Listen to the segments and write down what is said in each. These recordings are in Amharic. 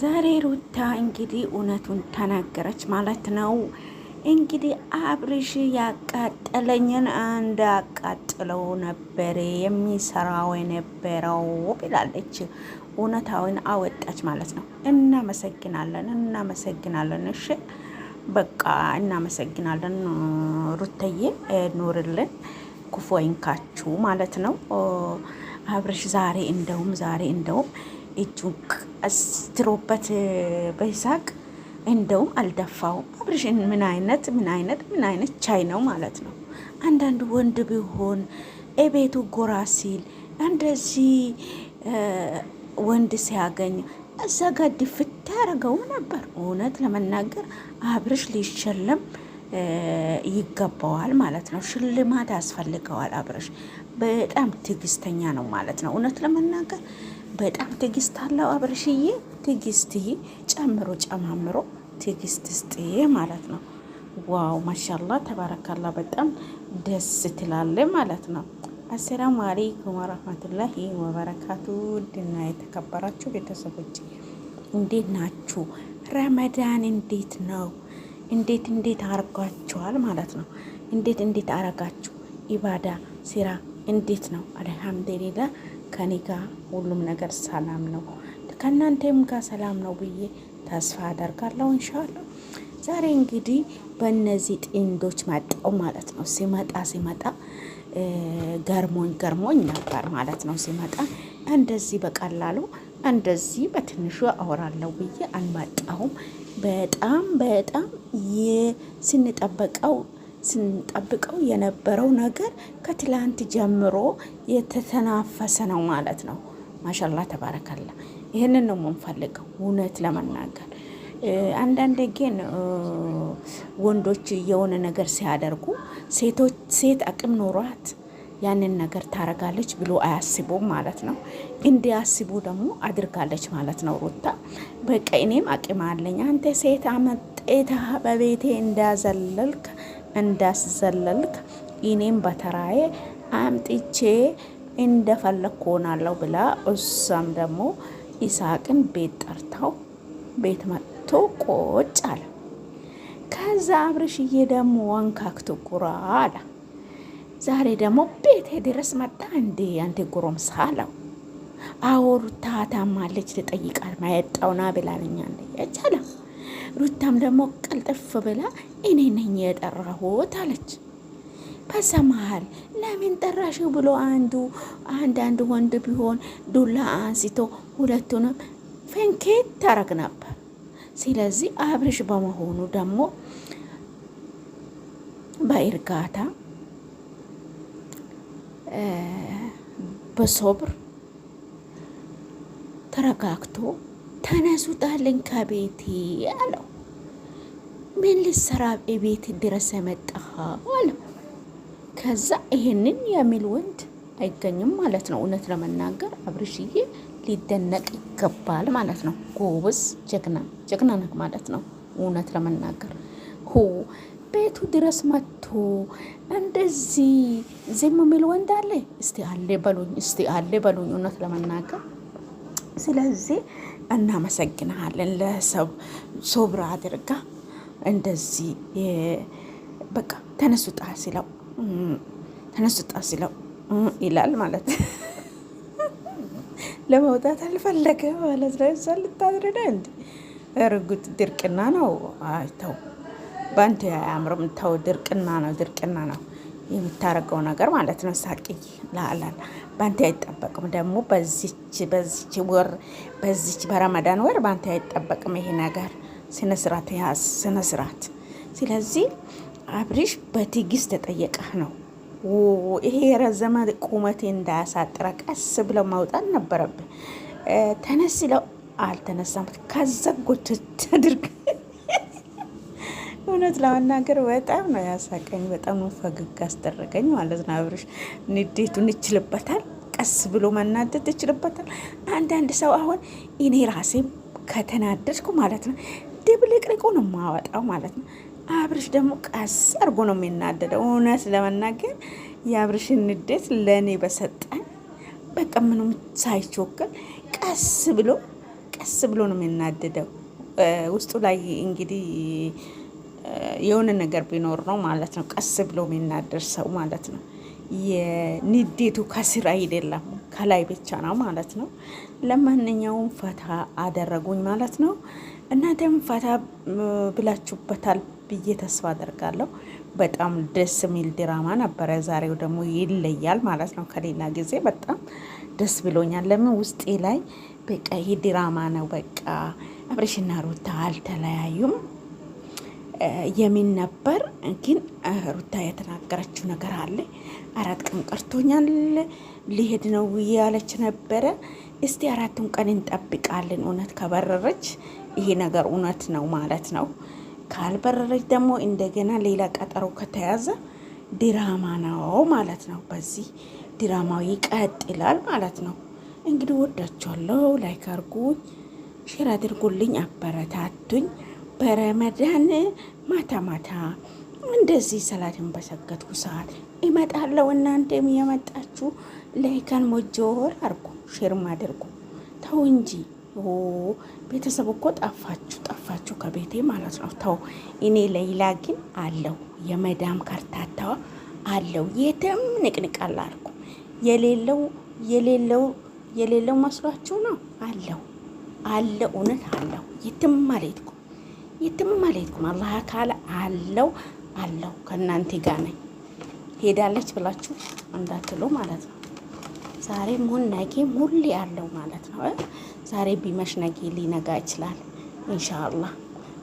ዛሬ ሩታ እንግዲህ እውነቱን ተናገረች ማለት ነው። እንግዲህ አብርሽ ያቃጠለኝን እንዳቃጥለው ነበር የሚሰራው የነበረው ብላለች። እውነታውን አወጣች ማለት ነው። እናመሰግናለን፣ እናመሰግናለን። እሺ በቃ እናመሰግናለን። ሩተዬ ኑርልን፣ ክፉ አይንካችሁ ማለት ነው። አብርሽ ዛሬ እንደውም ዛሬ እንደውም እጁን አስትሮበት በይሳቅ እንደውም አልደፋውም። አብርሽን ምን አይነት ምን አይነት ምን አይነት ቻይ ነው ማለት ነው። አንዳንድ ወንድ ቢሆን እቤቱ ጎራ ሲል እንደዚህ ወንድ ሲያገኝ እዛ ጋር ድፍት ያደረገው ነበር። እውነት ለመናገር አብርሽ ሊሸለም ይገባዋል ማለት ነው። ሽልማት ያስፈልገዋል። አብርሽ በጣም ትዕግስተኛ ነው ማለት ነው። እውነት ለመናገር በጣም ትዕግስት አለው አብርሽዬ። ትዕግስትዬ ጨምሮ ጨማምሮ ትግስት ስጥዬ ማለት ነው። ዋው ማሻላ ተባረካላ። በጣም ደስ ትላለ ማለት ነው። አሰላሙ አለይኩም ወረህመቱላሂ ወበረካቱ። ድና የተከበራችሁ ቤተሰቦች እንዴት ናችሁ? ረመዳን እንዴት ነው? እንዴት እንዴት አርጓችኋል ማለት ነው። እንዴት እንዴት አረጋችሁ? ኢባዳ ስራ እንዴት ነው? አልሐምዱሊላህ ከኔ ጋር ሁሉም ነገር ሰላም ነው፣ ከእናንተም ጋር ሰላም ነው ብዬ ተስፋ አደርጋለሁ። እንሻላ ዛሬ እንግዲህ በእነዚህ ጥንዶች መጣው ማለት ነው። ሲመጣ ሲመጣ ገርሞኝ ገርሞኝ ነበር ማለት ነው። ሲመጣ እንደዚህ በቀላሉ እንደዚህ በትንሹ አወራለሁ ብዬ አልመጣሁም። በጣም በጣም ስንጠበቀው ስንጠብቀው የነበረው ነገር ከትላንት ጀምሮ የተተናፈሰ ነው ማለት ነው። ማሻላ ተባረካላ። ይህንን ነው የምንፈልገው እውነት ለመናገር አንዳንድ ግን ወንዶች የሆነ ነገር ሲያደርጉ ሴቶች ሴት አቅም ኖሯት ያንን ነገር ታረጋለች ብሎ አያስቡም ማለት ነው። እንዲያስቡ ደግሞ አድርጋለች ማለት ነው። ሩታ በቃ እኔም አቅም አለኝ አንተ ሴት አመጤታ በቤቴ እንዳዘለልክ እንዳስዘለልክ እኔም በተራዬ አምጥቼ እንደፈለግ ሆናለሁ ብላ እሷም ደግሞ ይስሐቅን ቤት ጠርታው ቤት መጥቶ ቆጭ አለ። ከዛ አብርሽዬ ደግሞ ወንካክቶ ጉራ አለ። ዛሬ ደግሞ ቤት ድረስ መጣ እንዴ አንዴ ጉሮምሳ አለው። አወሩ ታታማለች ልጠይቃል ማየጣውና ብላለኛ እንደያች አለው። ሩታም ደግሞ ቀልጥፍ ብላ እኔ ነኝ የጠራሁት አለች። ከዛ መሀል ለምን ጠራሽ ብሎ አንዱ አንዳንድ ወንድ ቢሆን ዱላ አንስቶ ሁለቱንም ፈንኬት ታረግ ነበር። ስለዚህ አብርሽ በመሆኑ ደግሞ በእርጋታ በሶብር ተረጋግቶ ተነሱ ጣልን ከቤት አለው። ምን ልሰራ ቤት ድረስ መጣ አለው። ከዛ ይሄንን የሚል ወንድ አይገኝም ማለት ነው። እውነት ለመናገር አብርሽዬ ሊደነቅ ይገባል ማለት ነው። ጎብዝ ጀግና ጀግና ነህ ማለት ነው። እውነት ለመናገር ሁ ቤቱ ድረስ መጥቶ እንደዚህ ዝም የሚል ወንድ አለ? እስቲ አለ በሉኝ፣ እስቲ አለ በሉኝ። እውነት ለመናገር ስለዚህ እናመሰግንሃለን። ለሰው ሶብራ አድርጋ እንደዚህ በቃ ተነሱጣ ሲለው ተነሱጣ ሲለው ይላል ማለት ለመውጣት አልፈለገ ማለት ነው። እሷ ልታድርዳ እንዲ እርጉጥ ድርቅና ነው። አይተው በአንተ አያምርም። ተው ድርቅና ነው፣ ድርቅና ነው። የምታረገው ነገር ማለት ነው። ሳቅይ ላላል ባንተ አይጠበቅም። ደግሞ በዚች በዚች ወር በዚች በረመዳን ወር ባንተ አይጠበቅም ይሄ ነገር። ስነ ያዝ፣ ስነ ስለዚህ አብሪሽ በትዕግስት ተጠየቀህ ነው ይሄ የረዘመ ቁመቴ እንዳያሳጥረ ቀስ ብለው ማውጣት ነበረብህ። ተነስለው አልተነሳም። ከዘጎት ተድርግ እውነት ለመናገር በጣም ነው ያሳቀኝ። በጣም ነው ፈገግ አስደረገኝ ማለት ነው። አብርሽ ንዴቱን ይችልበታል፣ ቀስ ብሎ መናደድ ይችልበታል። አንዳንድ ሰው አሁን እኔ ራሴ ከተናደድኩ ማለት ነው ድብልቅልቁ ነው የማወጣው ማለት ነው። አብርሽ ደግሞ ቀስ አድርጎ ነው የሚናደደው። እውነት ለመናገር የአብርሽን ንዴት ለእኔ በሰጠን በቃ ምንም ሳይቾክል ቀስ ብሎ ቀስ ብሎ ነው የሚናደደው። ውስጡ ላይ እንግዲህ የሆነ ነገር ቢኖር ነው ማለት ነው። ቀስ ብሎ የሚናደር ሰው ማለት ነው። የንዴቱ ከስር አይደለም ከላይ ብቻ ነው ማለት ነው። ለማንኛውም ፈታ አደረጉኝ ማለት ነው። እናንተም ፈታ ብላችሁበታል ብዬ ተስፋ አደርጋለሁ። በጣም ደስ የሚል ድራማ ነበረ። ዛሬው ደግሞ ይለያል ማለት ነው ከሌላ ጊዜ። በጣም ደስ ብሎኛል። ለምን ውስጤ ላይ በቃ ይህ ድራማ ነው። በቃ አብርሽና ሩታ አልተለያዩም። የሚን ነበር። ግን ሩታ የተናገረችው ነገር አለ። አራት ቀን ቀርቶኛል ሊሄድ ነው ያለች ነበረ። እስቲ አራቱን ቀን እንጠብቃለን። እውነት ከበረረች ይሄ ነገር እውነት ነው ማለት ነው። ካልበረረች ደግሞ እንደገና ሌላ ቀጠሮ ከተያዘ ድራማ ነው ማለት ነው። በዚህ ድራማው ይቀጥላል ማለት ነው። እንግዲህ ወዳችኋለሁ። ላይክ አድርጉኝ፣ ሼር አድርጉልኝ፣ አበረታቱኝ። በረመዳን ማታ ማታ እንደዚህ ሰላትን በሰገድኩ ሰዓት ይመጣለው። እናንተም የመጣችሁ ላይካን ሞጆር አርጉ፣ ሼርም አድርጉ። ተው እንጂ ቤተሰብ እኮ ጠፋችሁ ጠፋችሁ ከቤቴ ማለት ነው። ተው እኔ ለይላ ግን አለው የመዳም ከርታታዋ አለው። የትም ንቅንቃላ አርጉ። የሌለው የሌለው የሌለው መስሏችሁ ነው። አለው አለ እውነት አለው የትም ማለት የትም አልሄድኩም። አላህ ካለ አለው አለው ከእናንተ ጋር ነኝ። ሄዳለች ብላችሁ እንዳትሉ ማለት ነው። ዛሬ ሁን ነገም ሁሌ አለው ማለት ነው። ዛሬ ቢመሽ ነገ ሊነጋ ይችላል። ኢንሻአላህ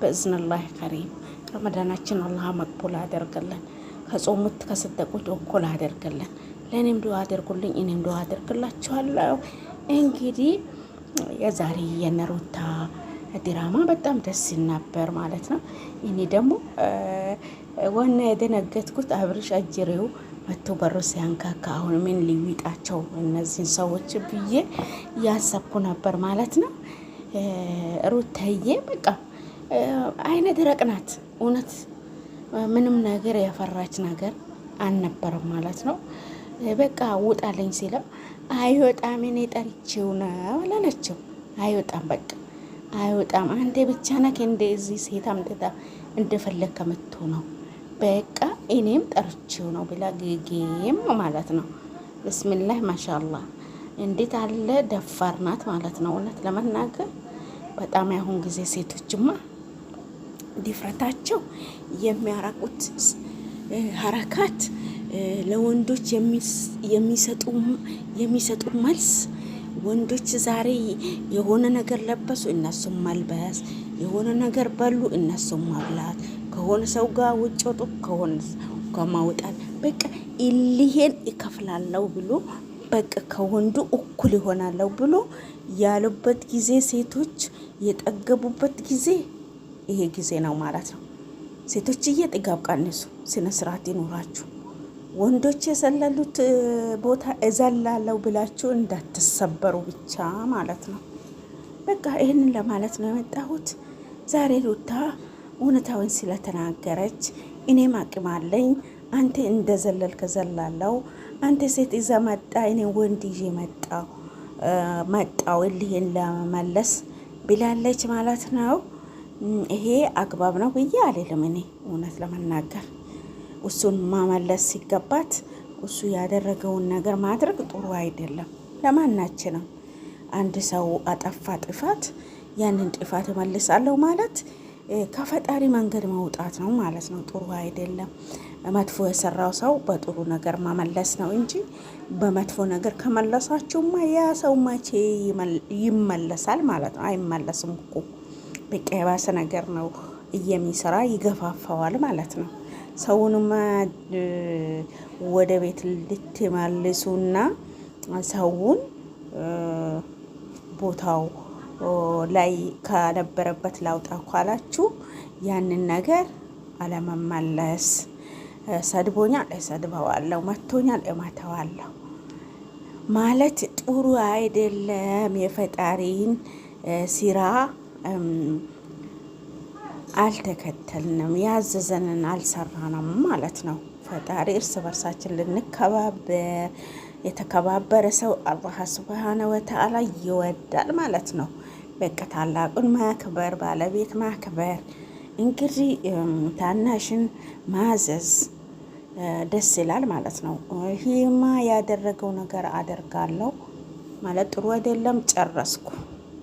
በእዝንላህ ከሪም ረመዳናችን አላህ መቅቡል አደርገለን። ከጾሙት ከሰደቁት እኩል አደርገለን። ለእኔም ዱዓ አድርጉልኝ፣ እኔም ዱዓ አድርግላችኋለሁ። እንግዲህ የዛሬ የነሩታ ድራማ በጣም ደስ ነበር ማለት ነው። እኔ ደግሞ ዋና የደነገጥኩት አብርሽ አጅሬው መቶ በሮ ሲያንካካ አሁን ምን ሊዊጣቸው እነዚህን ሰዎች ብዬ ያሰብኩ ነበር ማለት ነው። ሩታዬ በቃ አይነ ደረቅ ናት እውነት ምንም ነገር ያፈራች ነገር አልነበረም ማለት ነው። በቃ ውጣለኝ ሲለው አይወጣም እኔ ጠርቼው ነው አላለችው። አይወጣም በቃ አይወጣም። አንተ ብቻ ነህ እንደዚህ ሴት አምጥታ እንደፈለግ ከመቶ ነው በቃ እኔም ጠርቼው ነው ብላ ጌጌም ማለት ነው። ብስምላህ ማሻአላህ እንዴት አለ ደፋር ናት ማለት ነው። እውነት ለመናገር በጣም ያሁን ጊዜ ሴቶችማ ድፍረታቸው የሚያራቁት ሀረካት ለወንዶች የሚሰጡ የሚሰጡ መልስ ወንዶች ዛሬ የሆነ ነገር ለበሱ፣ እነሱም መልበስ፣ የሆነ ነገር በሉ፣ እነሱም ማብላት፣ ከሆነ ሰው ጋር ውጭ ወጡ፣ ከሆነ ከማውጣት በቃ እልሄን ይከፍላለው ብሎ በቃ ከወንዱ እኩል ይሆናለው ብሎ ያሉበት ጊዜ ሴቶች የጠገቡበት ጊዜ ይሄ ጊዜ ነው ማለት ነው። ሴቶች ጥጋብ ቀንሱ፣ ስነ ስርዓት ይኖራችሁ። ወንዶች የሰለሉት ቦታ እዘላለው ብላችሁ እንዳትሰበሩ ብቻ ማለት ነው። በቃ ይህንን ለማለት ነው የመጣሁት። ዛሬ ሩታ እውነታውን ስለተናገረች እኔም አቅም አለኝ፣ አንተ እንደ ዘለልከ አንተ ሴት ይዘ መጣ፣ እኔ ወንድ ይዤ መጣው መጣው ልህን ለመመለስ ብላለች ማለት ነው። ይሄ አግባብ ነው ብዬ አልልም እኔ እውነት ለመናገር እሱን ማመለስ ሲገባት እሱ ያደረገውን ነገር ማድረግ ጥሩ አይደለም ለማናችንም። አንድ ሰው አጠፋ ጥፋት፣ ያንን ጥፋት እመልሳለሁ ማለት ከፈጣሪ መንገድ መውጣት ነው ማለት ነው። ጥሩ አይደለም። መጥፎ የሰራው ሰው በጥሩ ነገር መመለስ ነው እንጂ በመጥፎ ነገር ከመለሳችሁማ ያ ሰው መቼ ይመለሳል ማለት ነው? አይመለስም እኮ በቃ የባሰ ነገር ነው እየሚሰራ ይገፋፈዋል ማለት ነው። ሰውንማ ወደ ቤት ልትመልሱና ሰውን ቦታው ላይ ከነበረበት ላውጣ ኳላችሁ ያንን ነገር አለመመለስ። ሰድቦኛል፣ እሰድበዋለሁ፣ መቶኛል፣ እመተዋለሁ ማለት ጥሩ አይደለም። የፈጣሪን ስራ አልተከተልንም፣ ያዘዘንን አልሰራንም ማለት ነው። ፈጣሪ እርስ በርሳችን ልንከባበር የተከባበረ ሰው አላህ ስብሃነ ወተዓላ ይወዳል ማለት ነው። በቃ ታላቁን ማክበር፣ ባለቤት ማክበር፣ እንግዲህ ታናሽን ማዘዝ ደስ ይላል ማለት ነው። ይህማ ያደረገው ነገር አደርጋለሁ ማለት ጥሩ አይደለም። ጨረስኩ።